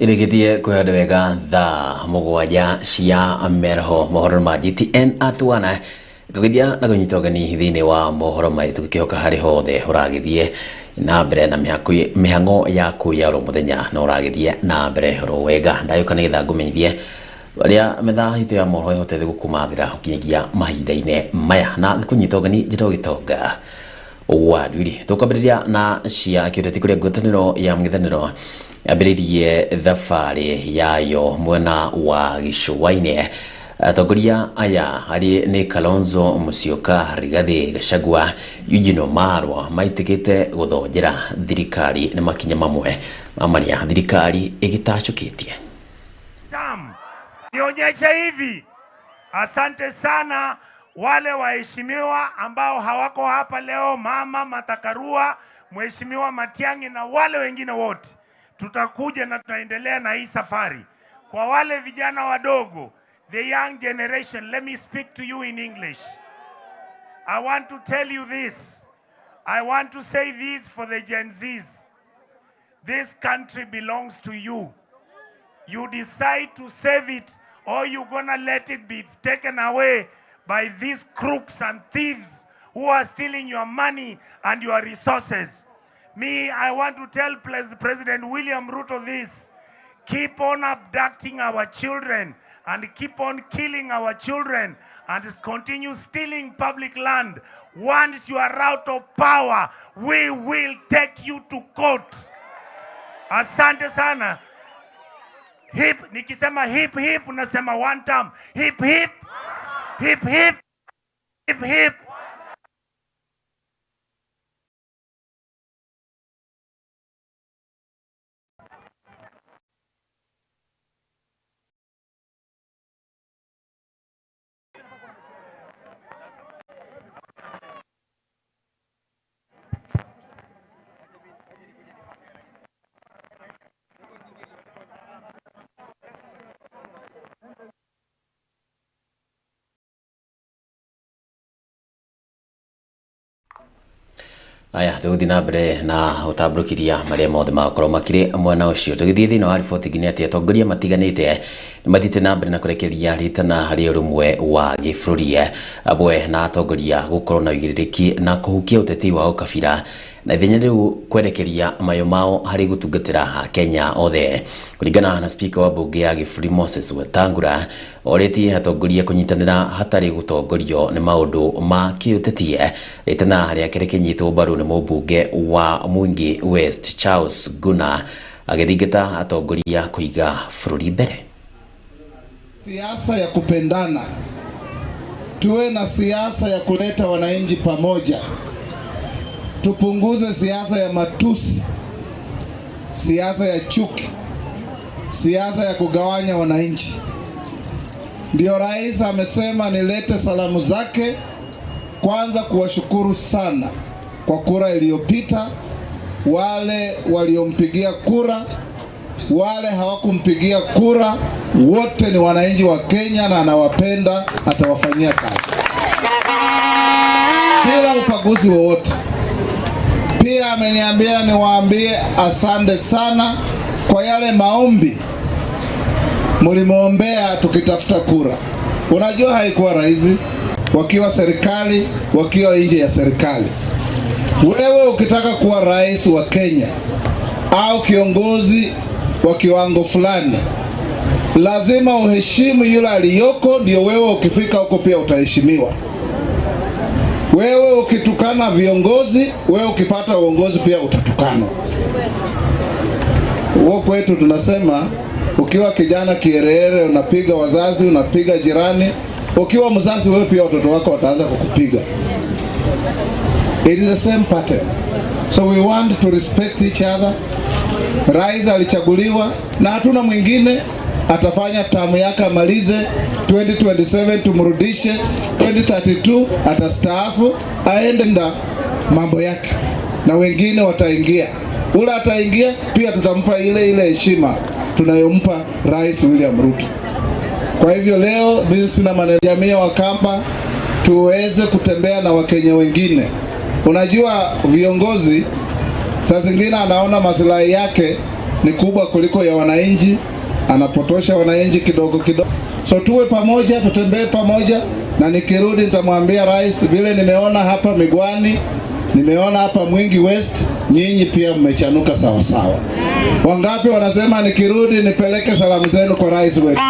irigitie kwihande wega thaa mugwanja cia meroho mohoro ma gtn atwana tugithia na gunyita ugeni thiini wa mohoro maitu gikihoka hari hothe uragithie na mbere na mihango yaku ya oro muthenya na uragithie na mbere ro wega ndayuka nigetha ngumenyithie aria methaa hito ya mohoro ihotete gukumathira ukinyagia mahinda-ini maya na gikunyita ugeni njito gitonga wa ndwiri tukwambiriria na cia kiuteti kuria ngwataniro ya mng'ethaniro yambĩrĩirie thabarĩ yayo mwena wa gĩcũa-inĩ atongoria aya arĩ nĩ Kalonzo Musyoka, Rigathi Gachagua, Eugene Wamalwa maitĩkĩte gũthonjera thirikari nĩ makinya mamwe ma marĩa thirikari ĩgĩtacũkĩtie. Nionyeshe hivi, asante sana wale waheshimiwa ambao hawako hapa leo, mama Matakarua, mheshimiwa Matiang'i na wale wengine wote tutakuja na tunaendelea na hii safari. Kwa wale vijana wadogo, the young generation, let me speak to you in English. I want to tell you this. I want to say this for the Gen Zs. This country belongs to you. You decide to save it or you're going to let it be taken away by these crooks and thieves who are stealing your money and your resources. Me, I want to tell President William Ruto this. Keep on abducting our children and keep on killing our children and continue stealing public land. Once you are out of power, we will take you to court. Asante sana. Hip, nikisema hip hip, unasema one time. Hip hip. Hip hip. Hip hip. hip. aya tuguthi na mbere na marä a mothe magakorwo makiri mwena thiä thä thiini wa riboti nginya ati atongoria matiganite mathiite na mbere na kurekereria ritana hari urumwe wa gibũrũri hamwe na atongoria gå korwo na uigĩrĩrĩki na kå kũhukia ũteti wa gå kabira na ithenya u kwerekeria mayo mao hari ha Kenya othe kå na spika wa mbunge ya Gifuri Moses Wetangula tie atongoria gå hatari nä maå ndå ma kiuteti ritana haria kä nyitwo mbaru ni mbunge wa Mwingi West Charles Nguna agithingata atongoria kuiga bururi mbere siasa ya kupendana tuwe na siasa ya kuleta wananchi pamoja tupunguze siasa ya matusi, siasa ya chuki, siasa ya kugawanya wananchi. Ndio rais amesema nilete salamu zake, kwanza kuwashukuru sana kwa kura iliyopita, wale waliompigia kura, wale hawakumpigia kura, wote ni wananchi wa Kenya na anawapenda, atawafanyia kazi bila ubaguzi wowote pia ameniambia niwaambie asante sana kwa yale maombi mlimwombea tukitafuta kura. Unajua haikuwa rahisi, wakiwa serikali, wakiwa nje ya serikali. Wewe ukitaka kuwa rais wa Kenya au kiongozi wa kiwango fulani, lazima uheshimu yule aliyoko, ndio wewe ukifika huko pia utaheshimiwa. Wewe ukitukana viongozi, wewe ukipata uongozi pia utatukanwa. Huko kwetu tunasema ukiwa kijana kiherehere, unapiga wazazi, unapiga jirani, ukiwa mzazi wewe pia watoto wako wataanza kukupiga. It is the same pattern. So we want to respect each other. Rais alichaguliwa na hatuna mwingine atafanya tamu yake amalize 2027, tumrudishe 2032, atastaafu aende nda mambo yake, na wengine wataingia. Ule ataingia pia, tutampa ile ile heshima tunayompa Rais William Ruto. Kwa hivyo leo mimi sina maneno, jamii ya Wakamba tuweze kutembea na Wakenya wengine. Unajua, viongozi saa zingine anaona maslahi yake ni kubwa kuliko ya wananchi anapotosha wananchi kidogo kidogo. So tuwe pamoja, tutembee pamoja, na nikirudi nitamwambia rais vile nimeona hapa Migwani, nimeona hapa Mwingi West, nyinyi pia mmechanuka sawa sawa. Wangapi wanasema nikirudi nipeleke salamu zenu kwa rais wetu,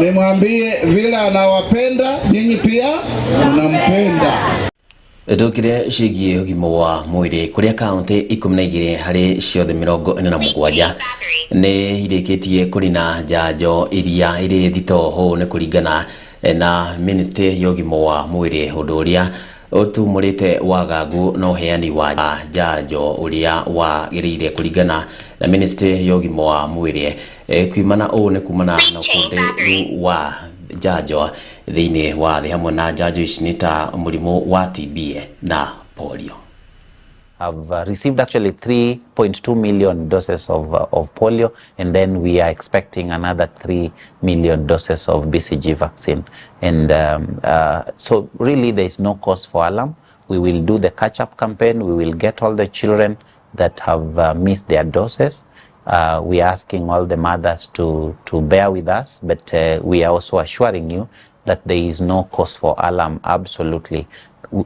nimwambie vile anawapenda nyinyi pia mnampenda ciägiä å gima wa mwiri kuria ikå mi na igiri harä ciothe mirongo ina na mugwanja ni irikitie kurina njanjo iria iri nä kå ringana eh, na ministry ya gima wa å undu uria utumurite wagagu na uheani wa njanjo uria wagiriire kuringana na ministry ya gima wa rä eh, kumana å nä kumana na ukundi wa njanjo thiini wa thi hamwe na njanjo ici nĩ ta mũrimũ wa TB na polio have uh, received actually 3.2 million doses of, uh, of polio, and then we are expecting another 3 million doses of BCG vaccine. And um, uh, so, really, there is no cause for alarm. We will do the catch up campaign, we will get all the children that have uh, missed their doses. Uh, we are asking all the mothers to, to bear with us, but uh, we are also assuring you that there is no cause for alarm, absolutely.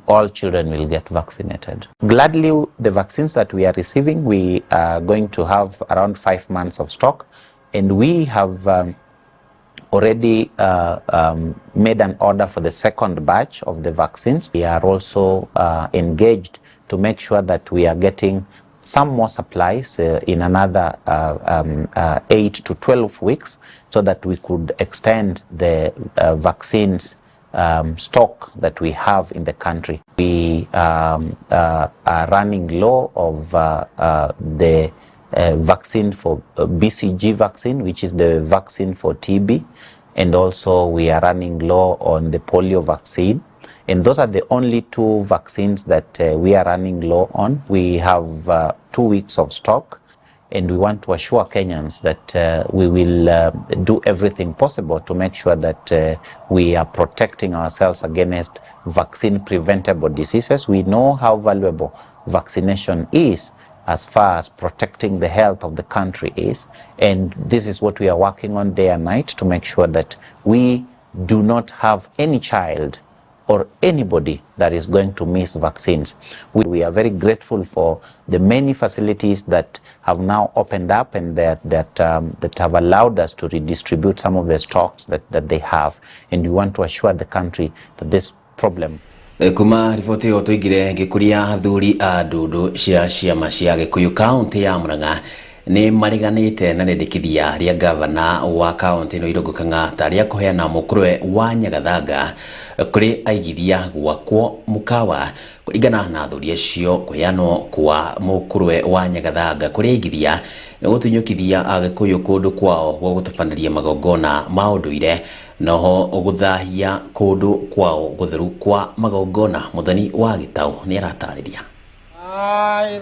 All children will get vaccinated. Gladly, the vaccines that we are receiving, we are going to have around five months of stock, and we have um, already uh, um, made an order for the second batch of the vaccines. We are also uh, engaged to make sure that we are getting some more supplies uh, in another uh, um, uh, 8 to 12 weeks so that we could extend the uh, vaccines um, stock that we have in the country. We um, uh, are running low of uh, uh, the uh, vaccine for uh, BCG vaccine, which is the vaccine for TB, and also we are running low on the polio vaccine. And those are the only two vaccines that uh, we are running low on. We have uh, two weeks of stock and we want to assure Kenyans that uh, we will uh, do everything possible to make sure that uh, we are protecting ourselves against vaccine preventable diseases. We know how valuable vaccination is as far as protecting the health of the country is. And this is what we are working on day and night to make sure that we do not have any child or anybody that is going to miss vaccines. We, we, are very grateful for the many facilities that have now opened up and that, that, um, that have allowed us to redistribute some of the stocks that, that they have. And we want to assure the country that this problem eh, kuma riboti gä tuingire ria athuri a ndundu cia ciama cia gikuyu kauntä ya muranga nä mareganä te na rendekithia rä a ngavana wa ä no irå kang'a ta rä a kå heana må kå rwe wa nyagathanga kå rä aigithia gwakwo må kawa kå ringana na thuri acio kå heanwo kwa må kå wa nyagathanga kå rä aigithia nä gå tunyå kithia yå kå ndå kwao gwa gå tabanä magongona ma ndå ire noho gå thahia kå ndå kwao gå theru kwa magongona må wa gä taå nä aratarä ria aya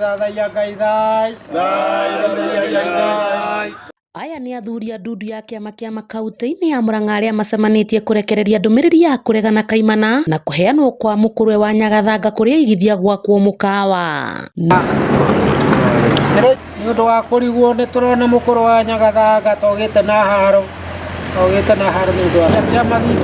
nä athuri a ndundu ya kĩama kĩama kautĩ ini ya Murang'a arĩa macemanĩtie kũrekereria ndũmĩrĩri ya kũregana kaimana na kũheanwo kwa mũkũrwe wa nyagathanga kũrĩa igithia gwakwo mũkawa nĩ ũndũ wa kũrigwo nĩ turona mũkũrwe wa nyagathanga togĩte na haro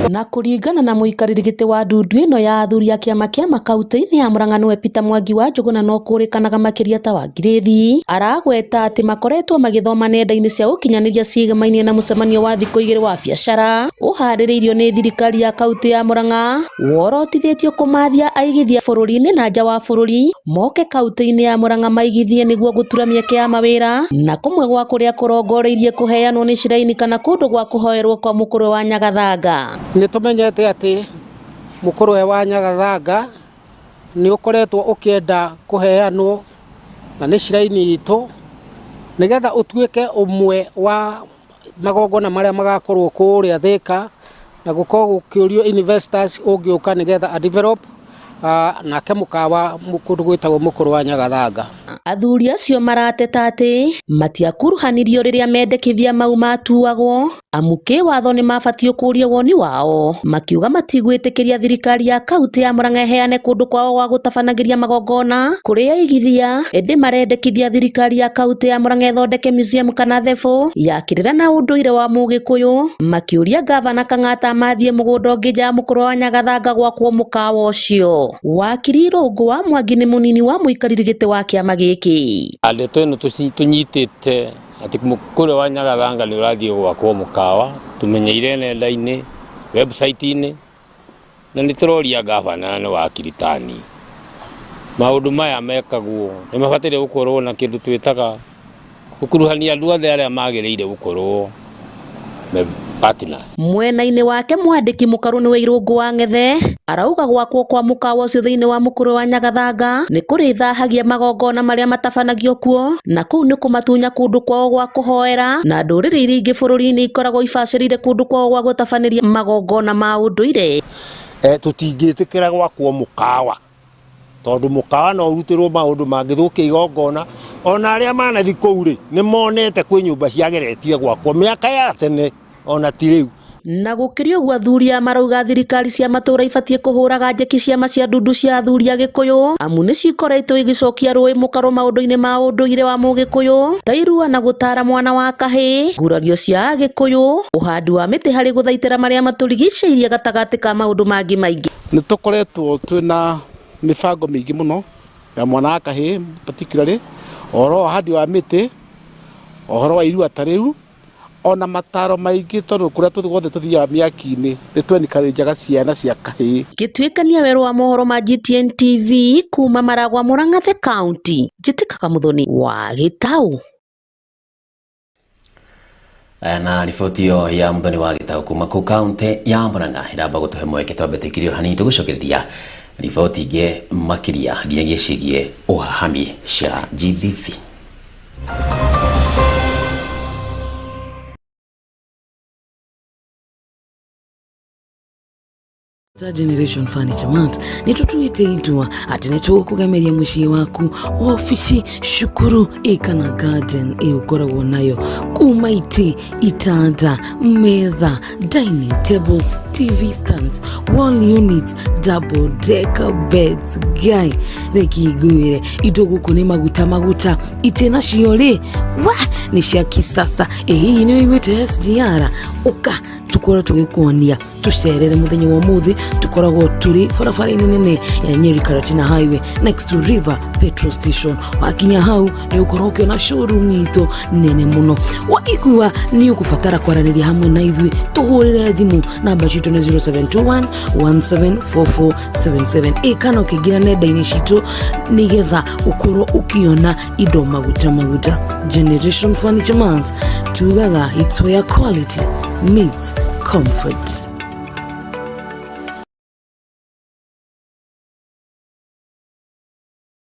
na kuringana na muikariri giti wa ndundu ino ya athuri a kiama kiama kaunti-ini ya Murang'a niwe Peter Mwangi wa Njuguna no kurikanaga makiria ta wa ngirithi aragweta ati makoretwo magithoma nenda-ini cia ukinyaniria ciigamainie na mucemanio wa thiku igiri wa biacara uhaririirio ni thirikari ya kaunti ya Murang'a worotithitio kumathia aigithia bururi-ini na nja wa bururi moke kaunti-ini ya Murang'a maigithie niguo gutura mieke ya mawira na kumwe gwa kuria kurongoreirie kuheanwo ni ciraini kana kundu gwa kuhoya mweroirwo kwa mukuru wa nyagathanga ni tumenyete ati mukuru wa nyagathanga ni ukoretwo ukienda kuheanwo na ni shiraini itu nigetha utuike umwe wa magongona maria magakorwo kuria thika na gukorwo gukiurio investors ungiuka nigetha a develop Ah, nake mukawa mukuru gwitagwo mukuru wa nyagathanga athuri acio marateta atĩ matiakuruhanirio rĩrĩa mendekithia mau matuagwo amu kä watho nä mabatiĩ kũũria woni wao makiuga matigwĩtĩkĩria thirikari ya kauntä ya må heane kũndũ kwao gwa gũtabanagĩria magongona kũrĩ aigithia ĩndĩ marendekithia thirikari ya kauntä ya mũranga ĩthondeke museum kana thebũ ya na ũndũire wa mũgĩkũyũ makĩũria ngavana kang'ata mathiĩ mũgũnda ũngĩ nja ya mũkũrũ wa nyagathanga gwakwo mũkawa ũcio wakiri wa mwangi nĩ mũnini wa mũikarĩri gĩtĩ wa kĩama gĩkĩ ndeto ĩno tũnyitĩte atĩ kũrĩa wa nyagathanga nĩ ũrathiĩ gwakwo mũkawa tũmenyeire nenda-inĩ website-inĩ na nĩ tũroria ngabana na nĩ wakiri tani maũndũ maya mekagwo ni mabataire gũkorwo na kĩndũ twĩtaga gũkuruhania andũ othe arĩa magĩrĩire gũkorwo mwena-inä wake mwandä ki må karå nä we irå ngå wa ngethe arauga gwakwo kwa må kawa å cio thä inä wa må kå rå wa nyagathanga nä kå rä thahagia magongona marä a matabanagio kuo na kå u nä kå matunya kå ndå kwao gwa kå hoera na ndå rä rä iria ingä bå rå ri-inä ikoragwo ibacä rä ire kå ndå kwao gwa gå tabanä ria magongona ma å ndå ire eh, tå tingä tä kä ra gwakuo må kawa tondu ndå mangä maundu kä igongona ona aria manathi u rä ni monete nyå nyumba ciageretie gwakwo miaka ya tene ona ti u na gukiria uguo athuri a marauga thirikari cia matura ibatie kuhuraga njeki ciama cia ndundu cia athuri kå gikuyu amu ni cikoretwo igicokia rui mukaro maundu -inä ma ire wa yå ta irua na gutara mwana wa kahä ngurario cia å handi wa miti hari guthaitira maria maturigiceirie gatagati ka maundu mangi maingi ni tukoretwo twina mibango mingi muno ya mwana wa kahii particularly ohoro wa handi wa miti ohoro wa irua ta riu ona mataro maingi tondu kuria tuthi gwothe tuthiaga miaki-ini ni njaga ciana cia kahii gituikania weru wa mohoro ma GTN TV kuma maragwa muranga the county njitikaga muthoni wa gitau na riboti iyo ya muthoni wa gitau kuma kuu kaunti ya muranga iramba gutuhe mweke twambe tukirio hanini tugucokereria riboti ingĩ makĩria nginya gĩcigie ũhahami cia GBV za generation furniture month nitutuite itwa ati nitugukugemeria mwishi waku ofici shukuru ikana garden i ukoragwo nayo kuma iti itanda metha dining tables tv stands wall unit double decker beds guy reki iguire indo guku maguta maguta itena cio ri nishi ya kisasa ĩ hihi nĩ ũiguĩte SGR ũka tũkorwo tũgĩkuonia tũcerere mũthenya wa mũthĩ tũkoragwo tũrĩ barabara-inĩ nene ya Nyeri Karatina Highway next to River petrol station wakinya hau nĩ ũkorwo ũkĩona showroom itũ nene mũno waigua nĩ ũkũbatara kwaranĩria hamwe na ithuĩ tũhũrĩre thimũ namba citũ nĩ 0721 174477 ĩ kana ũkĩingĩra nenda-inĩ citũ nĩgetha ũkorwo ũkĩona indo maguta maguta generation furniture mart. Tugala, it's where quality meets comfort.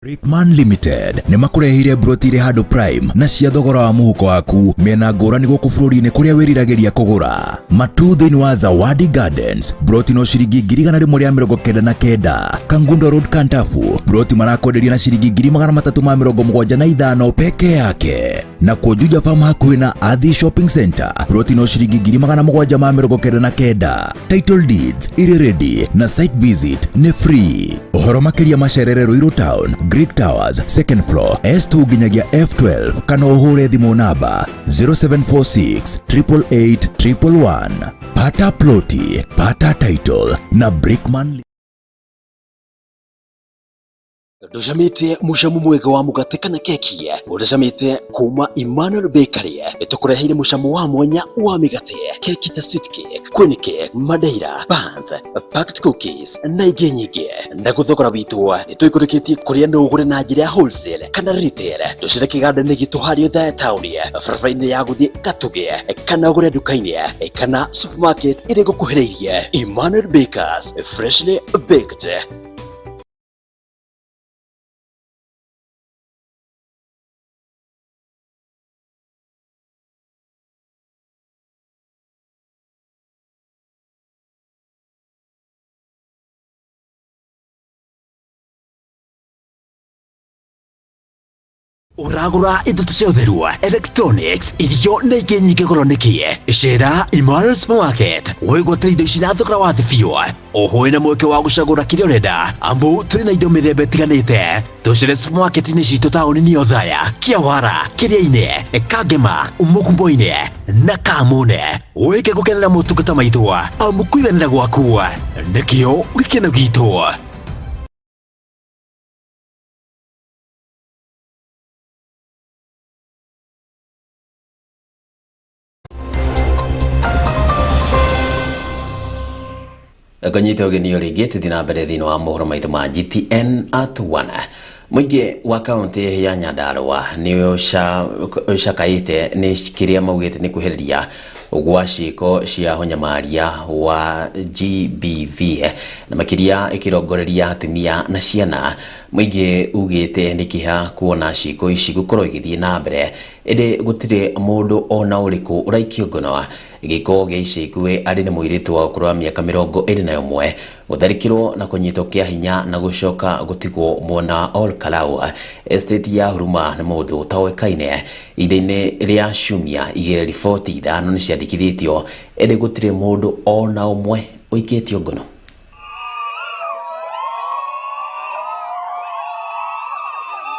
Rickman Limited nä makũrehire broti irĩ handũ prime na cia thogora wa mũhuko waku mĩena ngũrani gũkũ bũrũri-inĩ kũrĩa wĩriragĩria kũgũra matu thĩinĩ wa Zawadi Gardens broti no ciringi ngiri igana rĩmwe rĩa mĩrongo kenda na kenda Kangundo Road Kantafu broti marakwenderia na ciringi ngiri magana matatũ ma mĩrongo na ithano peke yake na juja farm hakuhĩ na Athi Shopping Center broti no ciringi ngiri magana mũgwanja ma mĩrongo kenda na kenda title deeds iri ready na site visit nĩ free ũhoro makĩria macerere Ruiru Town Brick Towers second floor S2 ginyagia F12 Kano uhure thimu namba 0746 888 111 pata ploti pata title na Brickman ndushamite mushamu mwega wa mugate na keki udushamite kuma Emmanuel Bakery itukureheire mushamu wa mwanya wa migate keki ta sweet cake queen cake madeira buns packed cookies na ingĩ nyingĩ na thogora witũ nĩtũikũrũkĩtie kũrĩa no ũgũre na njĩra ya wholesale kana retail tũcire kĩganda-inĩ gitũ harĩa othe taũni barabara-inĩ ya gũthiĩ gatũge kana ugure nduka-inĩ kana supermarket ĩrĩa ĩgũkuhĩrĩirie Emmanuel Bakers freshly baked uragura indo ciotherua electronics irio na ingĩ nyingĩ goro nĩkie cera imara supermarket wĩgwatĩre indo ici na thogora wa thĩ biũ oho na mweke wa gũcagũra kĩrĩa ũrenda amu tũrĩ na indo mĩthemba ĩtiganĩte tũcere supermarket-inĩ citũ taũni-inĩ othaya kiawara kĩrĩa-inĩ kangema mũkumbo-inĩ na kamune wĩke gũkenera motungata maitũ amu kuiganĩra gwaku nĩkĩo gĩkeno gitũ ngonyite ugeni ringi tithi na mbere thiini wa mohoro maitho ma GTN at 1 muingi wa kaunti ya nyandarua ni ucakaite ni kiria maugite ni kuhiriria gwa ciiko cia hunyamaria wa GBV na makiria ikirongoreria atumia na ciana mwige ugite ni ha kuona ciiko ici gukorwo igithie na mbere indi gutire mundu ona uriku uraikio ngono giko gia ica ari ni muiritu wa ukuru wa miaka mirongo iri na umwe gutharikirwo na kunyitwo kia hinya na gucoka gutigwo mwena Ol Kalou estate ya Huruma ni mundu utaoikaine ithini ria ciumia igiri riboti ithano ni ciandikithitio indi gutire mundu ona umwe uikitio ngono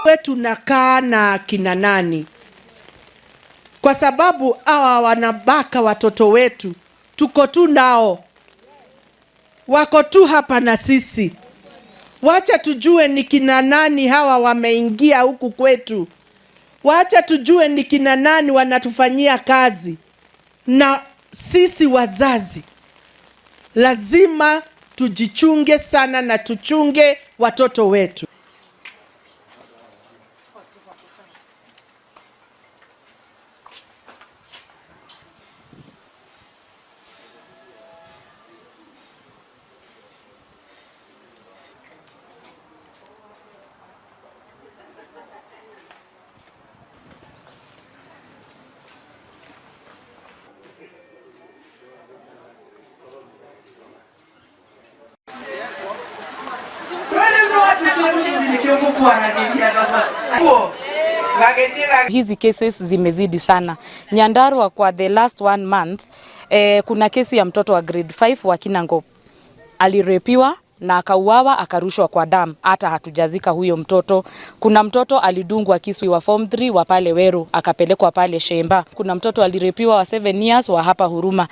we tunakaa na kina nani, kwa sababu hawa wanabaka watoto wetu, tuko tu nao, wako tu hapa na sisi. Wacha tujue ni kina nani hawa wameingia huku kwetu. Wacha tujue ni kina nani wanatufanyia kazi, na sisi wazazi lazima tujichunge sana na tuchunge watoto wetu. Hizi cases zimezidi sana Nyandarua kwa the last one month eh, kuna kesi ya mtoto wa grade 5 wa Kinango alirepiwa na akauawa akarushwa kwa damu, hata hatujazika huyo mtoto. Kuna mtoto alidungwa kisu wa form 3 wa pale Weru akapelekwa pale Shemba. Kuna mtoto alirepiwa wa 7 years wa hapa Huruma.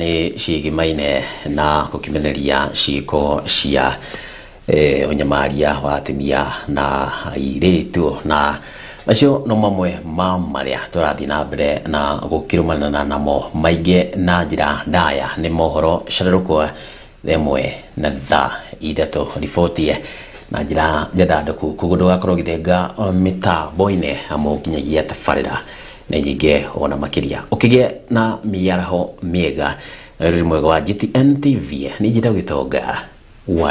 nĩ ciĩgimaine na gũkimeneria ciĩko cia e, unyamaria wa atumia na airĩtu na macio no mamwe ma marĩa tũrathiĩ na mbere na gũkĩrũmanana namo maige na njĩra ndaya ni mohoro carũrũko ĩmwe na thaa ithatũ ribotie na njĩra njandandũku koguo thenga mä mĩtambo boine amwe nginyagia ra na nyingĩ ona makĩria ũkĩgĩa na mĩaraho mĩega na rä mwega wa GTN TV nĩ njĩtagwo tonga wa